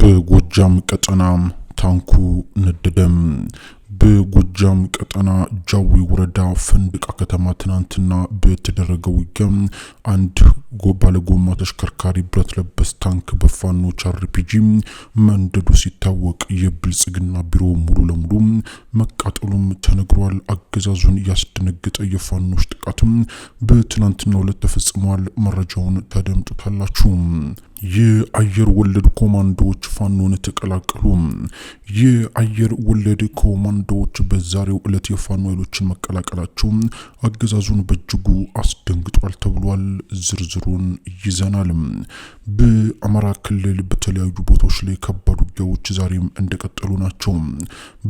በጎጃም ቀጠና ታንኩ ነደደም። በጎጃም ቀጠና ጃዊ ወረዳ ፈንድቃ ከተማ ትናንትና በተደረገው ውጊያ አንድ ባለጎማ ተሽከርካሪ ብረት ለበስ ታንክ በፋኖች አርፒጂ መንደዱ ሲታወቅ የብልጽግና ቢሮ ሙሉ ለሙሉ መቃጠሉም ተነግሯል። አገዛዙን ያስደነገጠ የፋኖች ጥቃትም በትናንትና ሁለት ተፈጽሟል። መረጃውን ተደምጡታላችሁ። የአየር ወለድ ኮማንዶዎች ፋኖን ተቀላቀሉ። የአየር ወለድ ኮማንዶ ባንዳዎች በዛሬው ዕለት የፋኖ ኃይሎችን መቀላቀላቸው አገዛዙን በእጅጉ አስደንግጧል ተብሏል። ዝርዝሩን ይዘናል። በአማራ ክልል በተለያዩ ቦታዎች ላይ ከባድ ውጊያዎች ዛሬም እንደቀጠሉ ናቸው።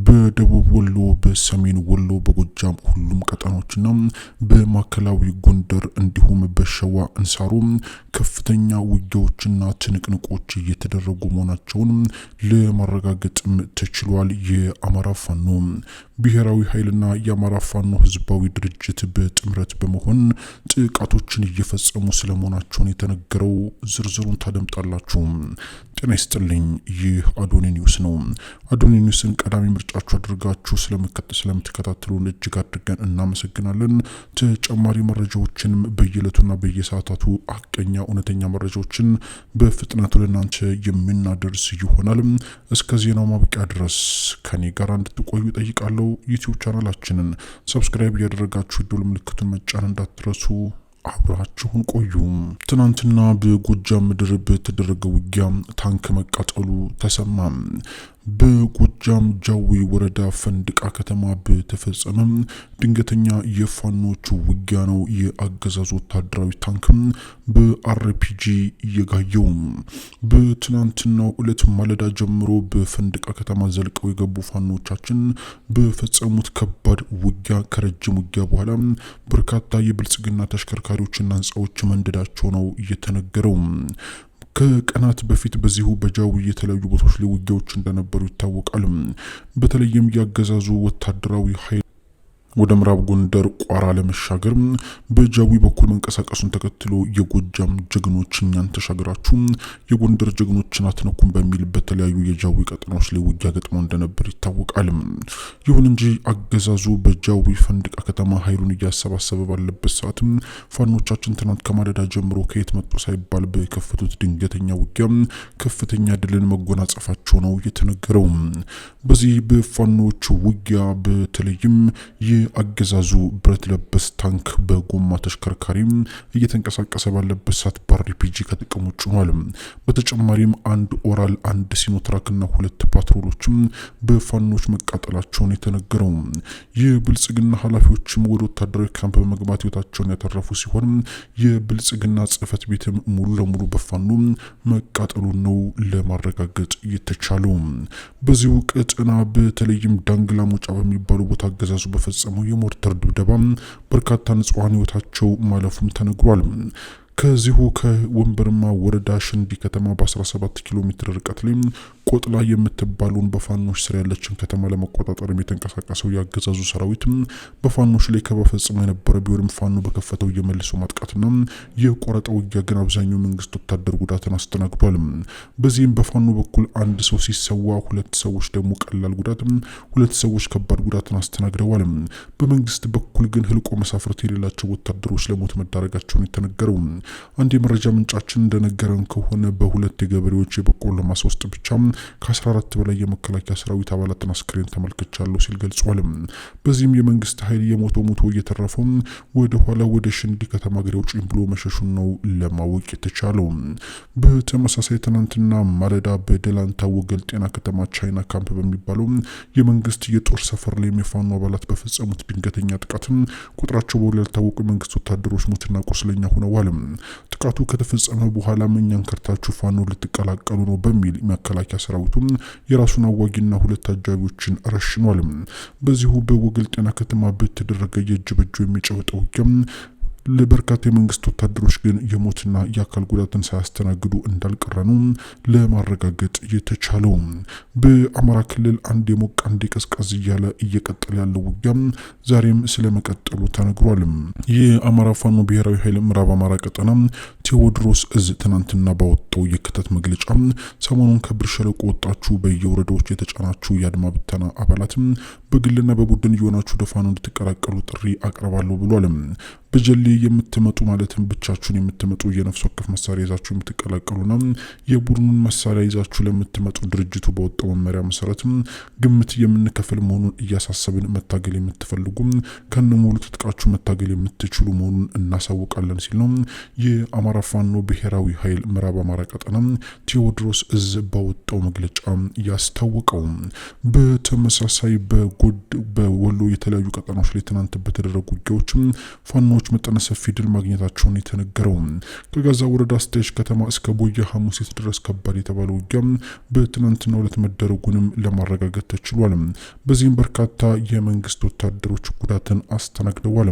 በደቡብ ወሎ፣ በሰሜን ወሎ፣ በጎጃም ሁሉም ቀጠናዎችና በማዕከላዊ ጎንደር እንዲሁም በሸዋ እንሳሮ ከፍተኛ ውጊያዎችና ትንቅንቆች እየተደረጉ መሆናቸውን ለማረጋገጥም ተችሏል። የአማራ ፋኖ ብሔራዊ ኃይልና የአማራ ፋኖ ህዝባዊ ድርጅት በጥምረት በመሆን ጥቃቶችን እየፈጸሙ ስለመሆናቸውን የተነገረው ዝርዝሩን ታደምጣላችሁ። ጤና ይስጥልኝ። ይህ አዶኒ ኒውስ ነው። አዶኒ ኒውስን ቀዳሚ ምርጫችሁ አድርጋችሁ ስለምትከታተሉን እጅግ አድርገን እናመሰግናለን። ተጨማሪ መረጃዎችንም በየዕለቱና በየሰዓታቱ አቀኛ እውነተኛ መረጃዎችን በፍጥነቱ ለእናንተ የምናደርስ ይሆናል። እስከ ዜናው ማብቂያ ድረስ ከኔ ጋር እንድትቆዩ ጠይቃለሁ። ዩቲዩብ ቻናላችንን ሰብስክራይብ እያደረጋችሁ ዶል ምልክቱን መጫን እንዳትረሱ። አብራችሁን ቆዩ። ትናንትና በጎጃም ምድር በተደረገ ውጊያ ታንክ መቃጠሉ ተሰማ። በጎጃም ጃዊ ወረዳ ፈንድቃ ከተማ በተፈጸመ ድንገተኛ የፋኖቹ ውጊያ ነው የአገዛዙ ወታደራዊ ታንክ በአርፒጂ እየጋየው። በትናንትናው እለት ማለዳ ጀምሮ በፈንድቃ ከተማ ዘልቀው የገቡ ፋኖቻችን በፈጸሙት ከባድ ውጊያ ከረጅም ውጊያ በኋላ በርካታ የብልጽግና ተሽከርካሪዎችና ህንፃዎች መንደዳቸው ነው እየተነገረው። ከቀናት በፊት በዚሁ በጃዊ የተለያዩ ቦታዎች ላይ ውጊያዎች እንደነበሩ ይታወቃል። በተለይም ያገዛዙ ወታደራዊ ኃይል ወደ ምዕራብ ጎንደር ቋራ ለመሻገር በጃዊ በኩል መንቀሳቀሱን ተከትሎ የጎጃም ጀግኖች እኛን ተሻግራችሁ የጎንደር ጀግኖችን አትነኩም በሚል በተለያዩ የጃዊ ቀጠናዎች ላይ ውጊያ ገጥመው እንደነበር ይታወቃል። ይሁን እንጂ አገዛዙ በጃዊ ፈንድቃ ከተማ ኃይሉን እያሰባሰበ ባለበት ሰዓት ፋኖቻችን ትናንት ከማለዳ ጀምሮ ከየት መጡ ሳይባል በከፈቱት ድንገተኛ ውጊያ ከፍተኛ ድልን መጎናጸፋቸው ነው የተነገረው። በዚህ በፋኖች ውጊያ በተለይም የ የአገዛዙ ብረት ለበስ ታንክ በጎማ ተሽከርካሪም እየተንቀሳቀሰ ባለበት ሰዓት በአርፒጂ ከጥቅም ውጭ ሆኗል። በተጨማሪም አንድ ኦራል፣ አንድ ሲኖትራክና ሁለት ፓትሮሎችም በፋኖች መቃጠላቸውን የተነገረው የብልጽግና ኃላፊዎችም ወደ ወታደራዊ ካምፕ በመግባት ህይወታቸውን ያተረፉ ሲሆን የብልጽግና ጽህፈት ቤትም ሙሉ ለሙሉ በፋኖ መቃጠሉን ነው ለማረጋገጥ የተቻለው። ውቅ ጥና በተለይም ዳንግላ ሞጫ በሚባሉ ቦታ አገዛዙ በፈጸ በተፈጸመው የሞርተር ድብደባ በርካታ ንጹሐን ህይወታቸው ማለፉም ተነግሯል። ከዚሁ ከወንበርማ ወረዳ ሽንዲ ከተማ በ17 ኪሎ ሜትር ርቀት ላይ ቆጥላ የምትባለውን በፋኖች ስር ያለችን ከተማ ለመቆጣጠር የተንቀሳቀሰው የአገዛዙ ሰራዊት በፋኖች ላይ ከበፈጽሞ የነበረ ቢሆንም ፋኖ በከፈተው የመልሶ ማጥቃትና የቆረጠ ውጊያ ግን አብዛኛው መንግስት ወታደር ጉዳትን አስተናግዷል። በዚህም በፋኖ በኩል አንድ ሰው ሲሰዋ፣ ሁለት ሰዎች ደግሞ ቀላል ጉዳት፣ ሁለት ሰዎች ከባድ ጉዳትን አስተናግደዋል። በመንግስት በኩል ግን ህልቆ መሳፍርት የሌላቸው ወታደሮች ለሞት መዳረጋቸውን የተነገረው አንድ የመረጃ ምንጫችን እንደነገረን ከሆነ በሁለት የገበሬዎች የበቆሎ ማሳ ውስጥ ብቻ ከ14 በላይ የመከላከያ ሰራዊት አባላትን አስክሬን ተመልክቻለሁ ሲል ገልጿል። በዚህም የመንግስት ኃይል የሞቶ ሞቶ እየተረፈው ወደ ኋላ ወደ ሽንዲ ከተማ ገሬ ውጭኝ ብሎ መሸሹን ነው ለማወቅ የተቻለው። በተመሳሳይ ትናንትና ማለዳ በደላንታ ወገል ጤና ከተማ ቻይና ካምፕ በሚባለው የመንግስት የጦር ሰፈር ላይ የሚፋኑ አባላት በፈጸሙት ድንገተኛ ጥቃት ቁጥራቸው በውል ያልታወቁ የመንግስት ወታደሮች ሞትና ቁስለኛ ሆነዋል። ጥቃቱ ከተፈጸመ በኋላ እኛን ከርታችሁ ፋኖ ልትቀላቀሉ ነው በሚል መከላከያ ሰራዊቱም የራሱን አዋጊና ሁለት አጃቢዎችን ረሽኗል። በዚሁ በወገል ጤና ከተማ በተደረገ የእጅ በእጅ የሚጨበጠ ውጊያ ለበርካታ የመንግስት ወታደሮች ግን የሞትና የአካል ጉዳትን ሳያስተናግዱ ነው ለማረጋገጥ የተቻለው። በአማራ ክልል አንድ የሞቅ አንድ የቀዝቀዝ እያለ እየቀጠለ ያለው ውጊያ ዛሬም ስለመቀጠሉ ተነግሯል። የአማራ ፋኖ ብሔራዊ ኃይል ምዕራብ አማራ ቀጠና ቴዎድሮስ እዝ ትናንትና ባወጣው የክተት መግለጫ ሰሞኑን ከብር ሸለቆ ወጣችሁ በየወረዳዎች የተጫናችሁ የአድማ ብተና አባላትም በግልና በቡድን እየሆናችሁ ደፋኑ እንድትቀላቀሉ ጥሪ አቅርባለሁ ብሏል። በጀሌ የምትመጡ ማለትም ብቻችሁን የምትመጡ የነፍስ ወከፍ መሳሪያ ይዛችሁ የምትቀላቀሉና የቡድኑን መሳሪያ ይዛችሁ ለምትመጡ ድርጅቱ በወጣው መመሪያ መሰረት ግምት የምንከፍል መሆኑን እያሳሰብን መታገል የምትፈልጉ ከነሙሉ ትጥቃችሁ መታገል የምትችሉ መሆኑን እናሳውቃለን ሲል ነው የአማራ የአማራ ፋኖ ብሔራዊ ኃይል ምዕራብ አማራ ቀጠና ቴዎድሮስ እዝ ባወጣው መግለጫ ያስታወቀው። በተመሳሳይ በወሎ የተለያዩ ቀጠናዎች ላይ ትናንት በተደረጉ ውጊያዎች ፋኖዎች መጠነ ሰፊ ድል ማግኘታቸውን የተነገረው ከጋዛ ወረዳ አስተያየች ከተማ እስከ ቦያ ሐሙሴት ድረስ ከባድ የተባለ ውጊያ በትናንትናው ዕለት መደረጉንም ለማረጋገጥ ተችሏል። በዚህም በርካታ የመንግስት ወታደሮች ጉዳትን አስተናግደዋል።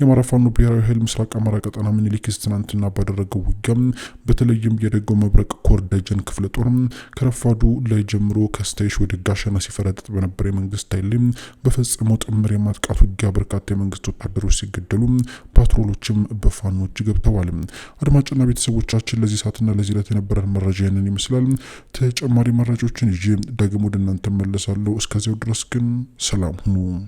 የአማራ ፋኖ ብሔራዊ ኃይል ምስራቅ አማራ ቀጠና ምኒልክ ትናንትና ባደረ በተደረገው ውጊያም በተለይም የደጎ መብረቅ ኮር ደጀን ክፍለ ጦር ከረፋዱ ላይ ጀምሮ ከስታይሽ ወደ ጋሸና ሲፈረጥጥ በነበረ የመንግስት ኃይል በፈጸመው ጥምር የማጥቃት ውጊያ በርካታ የመንግስት ወታደሮች ሲገደሉ፣ ፓትሮሎችም በፋኖች ገብተዋል። አድማጭና ቤተሰቦቻችን ለዚህ ሰዓትና ለዚህ ዕለት የነበረን መረጃ ይህንን ይመስላል። ተጨማሪ መረጃዎችን ይዤ ዳግም ወደ እናንተ መለሳለሁ። እስከዚያው ድረስ ግን ሰላም ሁኑ።